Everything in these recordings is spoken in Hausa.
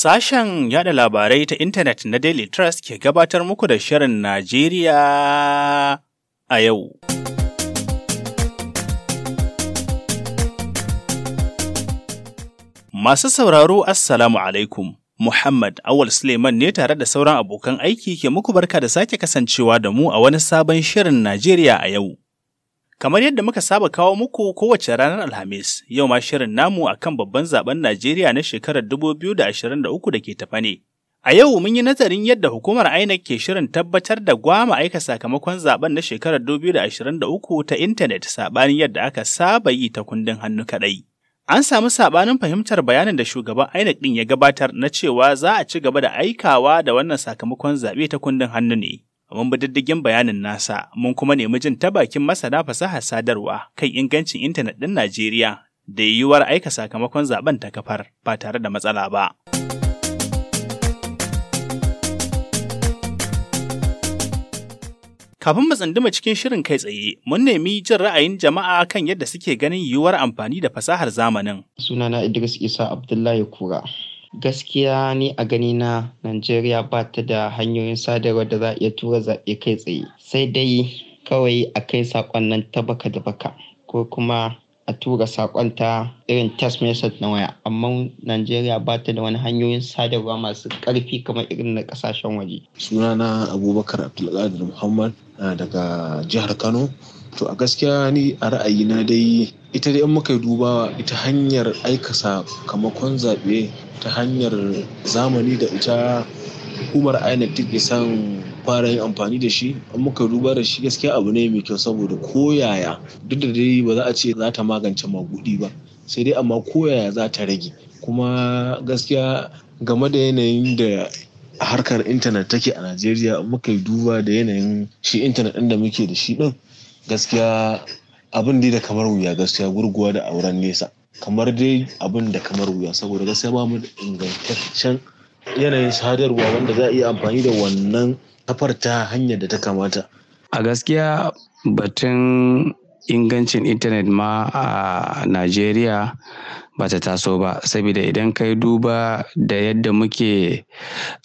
Sashen yada labarai ta intanet na Daily Trust ke gabatar muku da Shirin Najeriya a yau. Masu sauraro Assalamu alaikum. Muhammad Awal Suleiman ne tare da sauran abokan aiki ke muku barka da sake kasancewa da mu a wani sabon Shirin Najeriya a yau. Kamar yadda muka saba kawo muku kowace ranar Alhamis, yau ma shirin namu a kan babban zaben Najeriya na shekarar 2023 da ke tafa ne. A yau mun yi nazarin yadda hukumar INEC ke shirin tabbatar da gwama aika sakamakon zaben na shekarar 2023 ta intanet saɓanin yadda aka saba yi ta kundin hannu kaɗai. An samu saɓanin fahimtar bayanin da shugaban INEC ɗin ya gabatar na cewa za a ci gaba da aikawa da wannan sakamakon zaɓe ta kundin hannu ne. mun bi diddigin bayanin nasa mun kuma nemi jin ta bakin masana fasahar sadarwa kan ingancin intanet ɗin Najeriya da yiwuwar aika sakamakon zaben ta kafar ba tare da matsala ba. Kafin mu tsanduma cikin shirin kai tsaye, mun nemi jin ra'ayin jama'a kan yadda suke ganin yiwuwar amfani da fasahar zamanin. Sunana Idris Isa Abdullahi Kura. Gaskiya ni a gani na Najeriya ba ta da hanyoyin sadarwa da za a iya tura zaɓe kai tsaye. Sai dai kawai a kai saƙon nan ta baka da baka ko kuma a tura saƙon ta irin text message na waya. Amma Najeriya ba ta da wani hanyoyin sadarwa masu ƙarfi kamar irin na ƙasashen waje. Sunana Abubakar Abdulkadir Muhammad ah, daga jihar Kano. To a gaskiya ni a ra'ayina dai ita dai in muka yi dubawa ita hanyar aika sakamakon zaɓe ta hanyar zamani da ita hukumar inec take son fara yin amfani da shi in muka duba da shi gaskiya abu ne mai kyau saboda koyaya duk da dai ba za a ce za ta magance maguɗi ba sai dai amma koyaya za ta rage kuma gaskiya game da yanayin da harkar intanet take a najeriya muka yi duba da yanayin shi intanet ɗin da muke da shi ɗin gaskiya abin dai da kamar wuya gaskiya gurguwa da auren nesa kamar dai abin da kamar wuya saboda gaskiya ba mu da ingantaccen yanayin sadarwa wanda za a iya amfani da wannan kafar ta hanyar da ta kamata a gaskiya batun ingancin intanet ma a najeriya ba ta taso ba saboda idan kai duba da yadda muke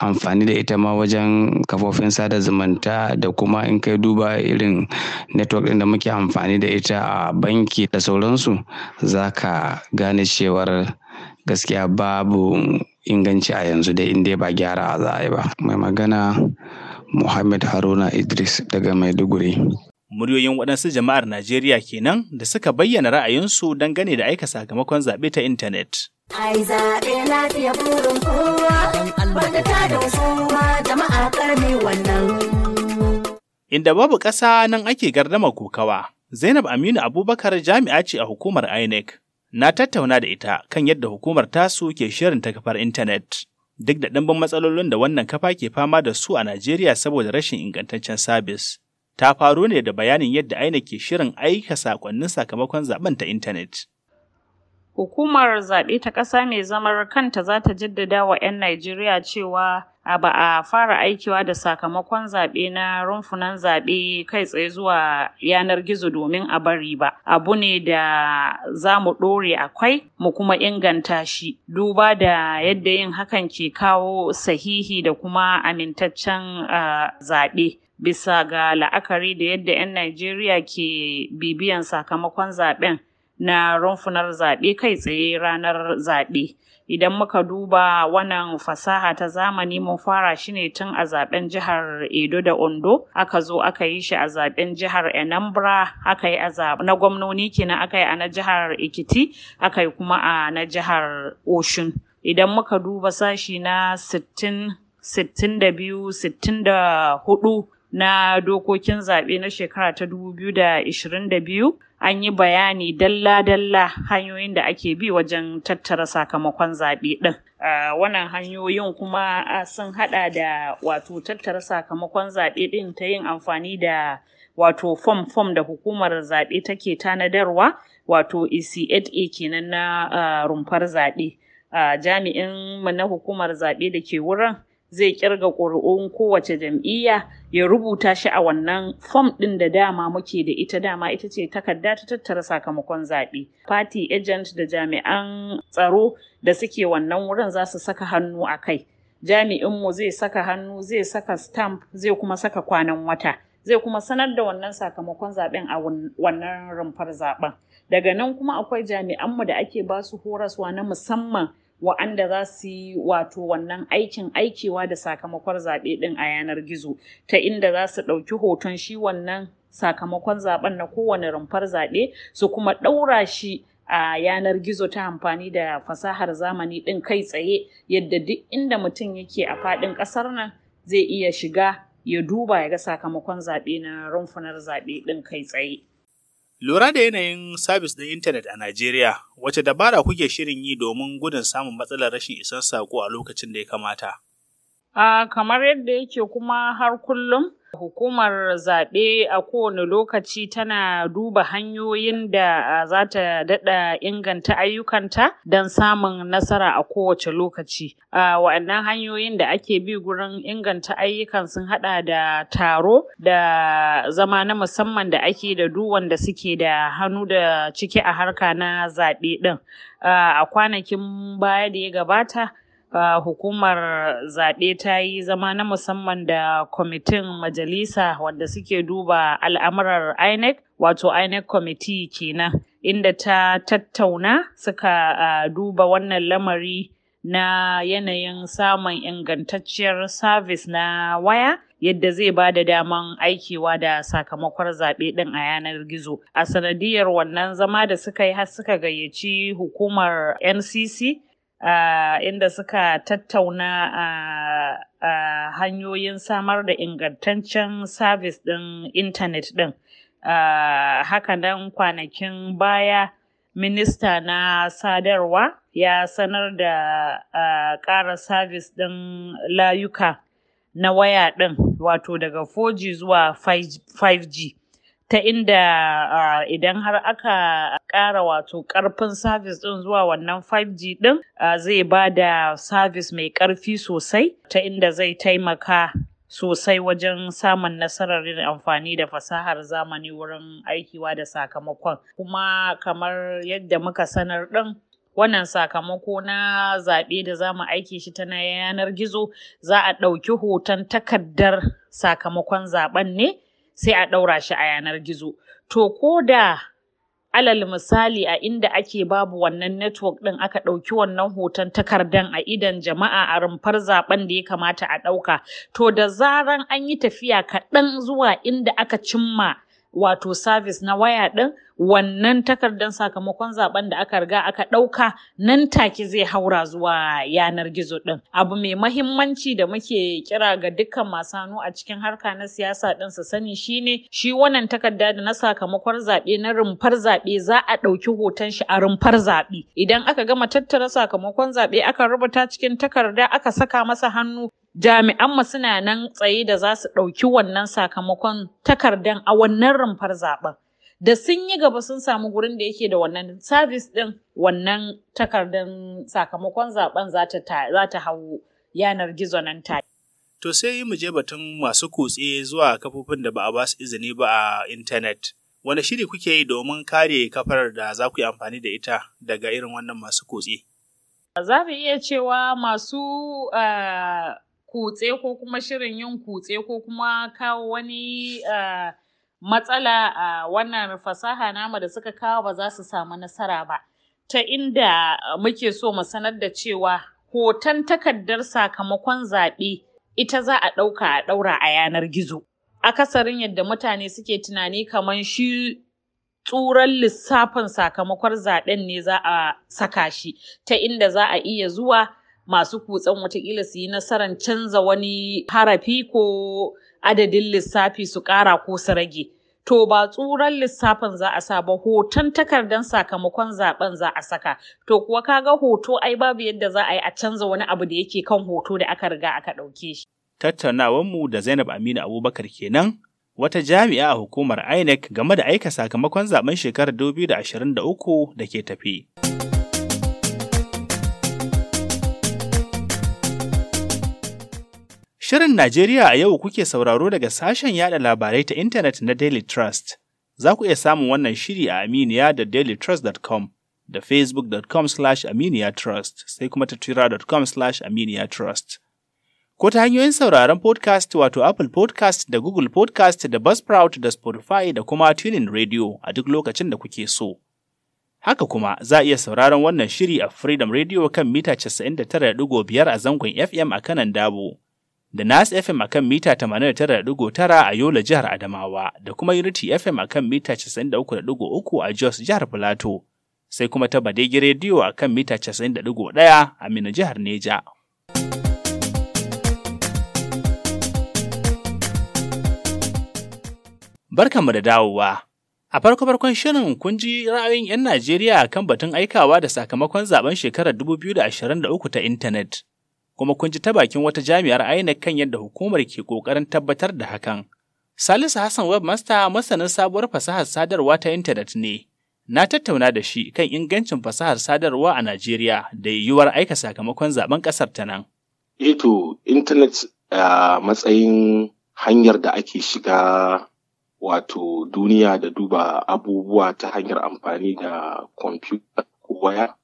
amfani da ita ma wajen kafofin sada zumunta da kuma in kai duba irin network ɗin da muke amfani da ita a banki da sauransu za ka gane cewar gaskiya babu inganci a yanzu dai indai ba gyara za a yi ba mai magana Muhammad Haruna Idris daga Maiduguri. Muryoyin waɗansu jama'ar Najeriya kenan da suka bayyana ra'ayinsu gane da aika sakamakon zaɓe ta intanet. Ai zaɓe lafiya burin kowa, wanda ta da jama'a ƙarni wannan. Inda babu ƙasa nan ake gardama kokawa, Zainab Aminu Abubakar jami'a ce a hukumar INEC. Na tattauna da ita kan yadda hukumar tasu ke shirin ta kafar intanet. Duk da ɗimbin matsalolin da wannan kafa ke fama da su a Najeriya saboda rashin ingantaccen sabis. ta faru ne da bayanin yadda Aina ke shirin aika sakonnin sakamakon zaben ta intanet. Hukumar zaɓe ta ƙasa mai zamar kanta za ta jaddada wa 'yan Najeriya cewa a ba a fara aikiwa da sakamakon zaɓe na rumfunan zaɓe kai tsaye zuwa yanar gizo domin a bari ba abu ne da za mu ɗore akwai mu kuma inganta shi duba da yadda yin hakan ke kawo sahihi da kuma amintaccen eh, zaɓe bisa ga la'akari da yadda 'yan Najeriya ke bibiyan sakamakon zaɓen na rumfunar zaɓe kai tsaye ranar zaɓe. Idan muka duba wannan fasaha ta zamani mun fara shi ne tun a zaben jihar Edo da Ondo, aka zo aka yi shi a zaben jihar Enambra, aka yi a na gwamnoni kenan aka yi a na jihar Ekiti, aka yi kuma a na jihar Oshun. Idan muka duba sashi na 62, 64 na dokokin zaɓe na shekara ta 2022 an yi bayani dalla-dalla hanyoyin da ake bi wajen tattara sakamakon zaɓe ɗin. Wannan hanyoyin kuma sun haɗa da wato tattara sakamakon zaɓe ɗin ta yin amfani da wato fom-fom da hukumar zaɓe take tanadarwa wato ECHA kenan na rumfar zaɓe. Jami'in mu na hukumar zaɓe da ke wurin. zai kirga ƙuri'un kowace jam'iyya ya rubuta shi a wannan fom ɗin da dama muke da ita dama ita ce takarda ta tattara sakamakon zaɓe. Party agent da jami'an tsaro da suke wannan wurin za su saka hannu a kai. Jami'inmu zai saka hannu, zai saka stamp, zai kuma saka kwanan wata. Zai kuma sanar da wannan sakamakon zaɓen a wannan rumfar zaɓen. Daga nan kuma akwai jami'anmu da ake basu horaswa na musamman wa'anda za su yi wato wannan aikin aikewa da sakamakon zaɓe ɗin a yanar gizo ta inda za su ɗauki hoton shi wannan sakamakon zaɓen na kowane rumfar zaɓe su kuma ɗaura shi a yanar gizo ta amfani da fasahar zamani ɗin kai tsaye yadda duk inda mutum yake a faɗin ƙasar nan zai iya shiga ya duba ya ga sakamakon zaɓe na rumfunar zaɓe ɗin kai tsaye. Lura da yanayin sabis ɗin intanet a Najeriya, wace dabara kuke shirin yi domin gudun samun matsalar rashin isan saƙo a lokacin da ya kamata? A'a, ah, kamar yadda yake kuma har kullum, Hukumar zaɓe a kowane lokaci tana duba hanyoyin da za ta daɗa inganta ayyukanta don samun nasara a kowace lokaci. Wa'annan hanyoyin da ake bi gurin inganta ayyukan sun haɗa da taro da zama na musamman da ake da duwanda wanda suke da hannu da ciki a harka na zaɓe ɗin. A kwanakin baya da ya gabata Uh, hukumar zaɓe ta yi zama na musamman da kwamitin majalisa wanda suke duba al'amurar INEC wato INEC kwamiti kenan inda ta tattauna suka uh, duba wannan lamari na yanayin samun ingantacciyar sabis na waya yadda zai ba da daman aikiwa da sakamakon zaɓe ɗin a yanar gizo. A sanadiyar wannan zama da suka yi har suka gayyaci hukumar NCC uh, inda suka tattauna uh, uh, hanyoyin samar da ingantaccen service ɗin intanet ɗin. Uh, nan kwanakin baya minista na sadarwa ya sanar da uh, ƙara service ɗin layuka na waya ɗin wato daga 4G zuwa 5G. ta inda idan har aka ƙara wato ƙarfin service ɗin zuwa wannan 5G ɗin zai ba da sabis mai ƙarfi sosai ta inda zai taimaka sosai wajen samun nasarar yin amfani da fasahar zamani wurin aikiwa da sakamakon kuma kamar yadda muka sanar ɗin wannan sakamako na zaɓe da za mu aike shi ta yanar gizo za a ɗauki hoton takardar sakamakon zaɓen ne sai a ɗaura shi a yanar gizo to ko da alal misali a inda ake babu wannan network ɗin aka ɗauki wannan hoton takardan a idan jama'a a rumfar zaben da ya kamata a ɗauka to da zaran an yi tafiya kaɗan zuwa inda aka cimma wato service na waya ɗin wannan takardar sakamakon zaben da aka riga aka ɗauka nan take zai haura zuwa yanar gizo ɗin. Abu mai mahimmanci da muke kira ga dukkan masu hannu a cikin harka na siyasa ɗin su sani shine shi wannan takarda da na sakamakon zaɓe na rumfar zaɓe za a ɗauki hoton shi a rumfar zaɓe. Idan aka gama tattara sakamakon zaɓe aka rubuta cikin takarda aka saka masa hannu jami'anmu suna nan tsaye da za su ɗauki wannan sakamakon takardan a wannan rumfar zaɓen, da sun yi gaba sun samu gurin da yake da wannan sabis ɗin wannan takardan sakamakon zaɓen za ta hau yanar gizo nan ta to sai mu je batun masu kutse zuwa kafofin da ba a ba su izini ba a intanet wane shiri kuke yi domin kare kafar da za ku yi amfani da ita daga irin wannan masu kutse za mu iya cewa masu uh, kutse ko kuma shirin yin kutse ko kuma kawo wani eh, matsala a wannan fasaha nama da suka kawo ba za su samu nasara ba ta inda muke so mu sanar da cewa hoton takardar sakamakon zaɓe ita za a ɗauka a ɗaura a yanar gizo akasarin yadda mutane suke tunani kamar shi tsuran lissafin sakamakon zaɓen ne za a saka shi ta inda za a iya zuwa masu kutsan watakila su yi nasarar canza wani harafi ko adadin lissafi su ƙara ko su rage. To ba tsuran lissafin za a sa ba hoton takardar sakamakon zaben za a saka. To kuwa ka ga hoto ai babu yadda za a yi a canza wani abu da yake kan hoto da aka riga aka ɗauke shi. Tattaunawanmu da Zainab Aminu Abubakar kenan wata jami'a a hukumar INEC game da aika sakamakon zaben shekarar 2023 da ke tafi. Shirin Najeriya a yau kuke sauraro daga sashen yada labarai ta intanet na Daily Trust. Za ku iya samun wannan shiri a Aminiya da dailytrust.com da facebook.com slash aminiyatrust sai kuma ta twitter.com slash aminiyatrust. Ko ta hanyoyin sauraron podcast wato Apple podcast da Google podcast da Buzzsprout da Spotify da kuma Tuning Radio a duk lokacin da kuke so. Haka kuma za a iya sauraron wannan shiri a Freedom Radio kan mita 99.5 a zangon FM a kanan Dabo. da Nas FM a kan mita 89.9 a Yola jihar Adamawa da kuma Unity FM a kan mita 93.3 a Jos jihar Filato, sai kuma ta Badegi Radio a kan mita 90.1 a Mina jihar Neja. Barkanmu da dawowa. A farko farkon shirin kun ji ra'ayin 'yan Najeriya kan batun aikawa da sakamakon zaben shekarar 2023 ta intanet. kuma kun ji ta bakin wata jami'ar INEC kan yadda hukumar ke ƙoƙarin tabbatar da hakan. Salisu Hassan Webmaster masanin sabuwar fasahar sadarwa ta intanet ne. Na tattauna da shi kan ingancin fasahar sadarwa a Najeriya da yiwuwar aika sakamakon zaben ƙasar ta nan. Eto, eh intanet a matsayin hanyar da ake shiga wato duniya da duba abubuwa ta hanyar amfani da kwamfuta ko waya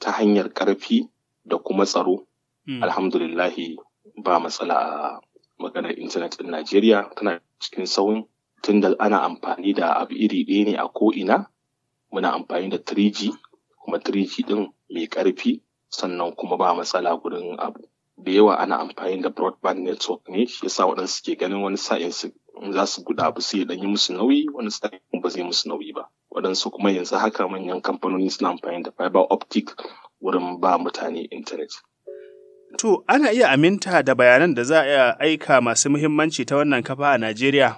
ta hanyar ƙarfi da kuma tsaro. Hmm. alhamdulillahi ba matsala a maganar intanet ɗin Najeriya tana cikin sauyin tunda ana amfani da abu iri ɗaya ne a ko'ina muna amfani da 3G kuma 3G ɗin mai ƙarfi sannan kuma ba matsala gurin abu da yawa ana amfani da broadband network ne shi yasa waɗansu ke ganin wani sa'in za su guda abu sai dan yi musu nauyi wani sa'in ba zai musu nauyi ba waɗansu kuma yanzu haka manyan kamfanoni suna amfani da fiber optic wurin ba mutane intanet. To, ana iya aminta da bayanan da za a iya aika masu muhimmanci ta wannan kafa a Najeriya?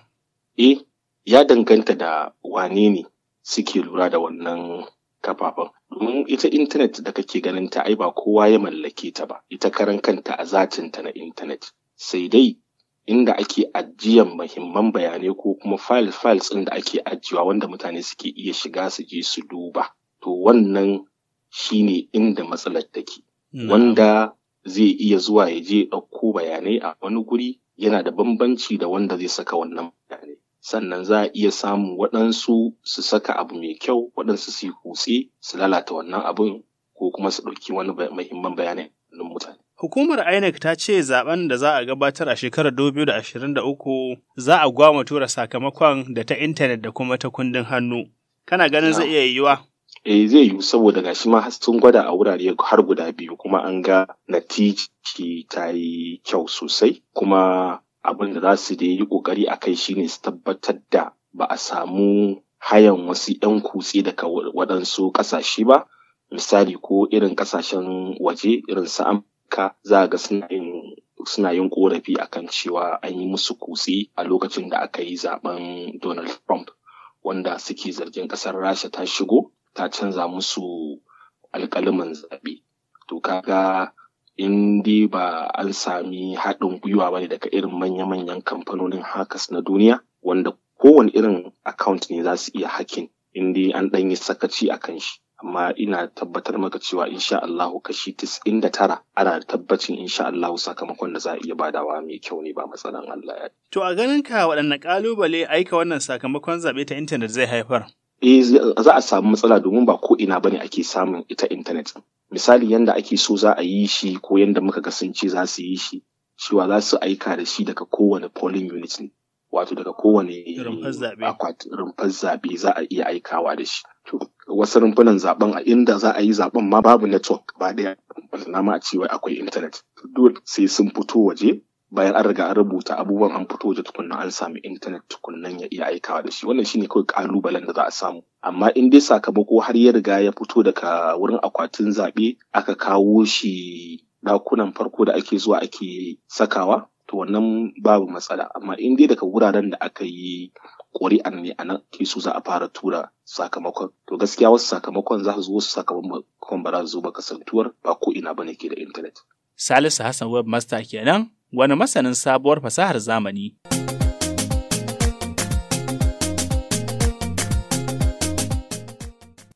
Eh, ya danganta da wane ne suke lura da wannan kafafen. Domin ita intanet da kake ganin ta ai ba kowa ya mallake ta ba, ita karan kanta a zatinta na intanet. Sai dai inda ake ajiyan mahimman bayanai ko kuma files-files ɗin da ake ajiyawa wanda mutane suke iya shiga su je su duba. To wannan shine inda matsalar take. Wanda zai iya zuwa ya je ɗauko bayanai a wani guri yana da bambanci da wanda zai saka wannan bayanai. Sannan za a iya samun waɗansu su saka abu mai kyau waɗansu su yi kutse su lalata wannan abun ko kuma su ɗauki wani muhimman bayanin mutane. Hukumar INEC ta ce zaben da za a gabatar a shekarar 2023 za a gwama tura sakamakon da ta intanet da kuma ta kundin hannu. Kana ganin zai iya yiwuwa? eh zai yiwu saboda gashi ma sun gwada a wurare har guda biyu kuma an ga natiki ta yi kyau sosai kuma abin da za su da yi kokari a kai shine su tabbatar da ba a samu hayan wasu 'yan kutse daga waɗansu ƙasashe ba misali ko irin ƙasashen waje irin su amurka za a ga suna yin suna yin korafi akan cewa an yi musu kutse a lokacin da aka yi zaben donald trump wanda suke zargin ƙasar rasha ta shigo ta canza musu alkalaman zaɓe. To kaga in dai ba an sami haɗin gwiwa ba ne daga irin manya-manyan kamfanonin hakas na duniya wanda kowane irin account ne za su iya hakin in dai an ɗanyi sakaci a kan shi. amma ina tabbatar maka cewa insha Allah kashi tis'in da tara ana tabbacin insha Allah sakamakon da za a iya badawa mai kyau ne ba matsalan Allah ya. To a ganin ka waɗanne ƙalubale aika wannan sakamakon zaɓe ta intanet zai haifar? eh za a samu matsala domin ba ko ina bane ake samun ita intanet misali yanda ake so za a yi shi ko yanda muka ga sun ce za su yi shi cewa za su aika da shi daga kowane polling unit ne wato daga kowane rumfar zaɓe za a iya aikawa da shi wasu rumfunan zaben a inda za a yi zaben ma babu network ba daya na ma a cewa akwai intanet dole sai sun fito waje bayan an riga an rubuta abubuwan an fito waje tukunna an sami intanet tukunnan ya iya aikawa da shi wannan shine kawai kalubalen da za a samu amma in dai sakamako har ya riga ya fito daga wurin akwatin zaɓe aka kawo shi dakunan farko da ake zuwa ake sakawa to wannan babu matsala amma in dai daga wuraren da aka yi ƙuri'an ne a nan ke so za a fara tura sakamakon to gaskiya wasu sakamakon za su zo su sakamakon ba za su zo ba kasantuwar ba ko ina bane ke da intanet. Salisu Hassan Webmaster kenan wani masanin sabuwar fasahar zamani.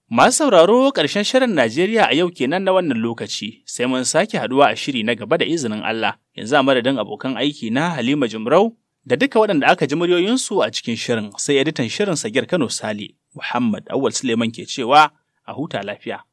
Masu sauraro ƙarshen shirin Najeriya a yau kenan na wannan lokaci, sai mun sake haɗuwa a shiri na gaba da izinin Allah, yanzu a madadin abokan aiki na Halima Jumrau da duka waɗanda aka ji muryoyinsu a cikin shirin sai editan shirin Sagir Kano Sale, Muhammad Awal Suleiman ke cewa a huta lafiya.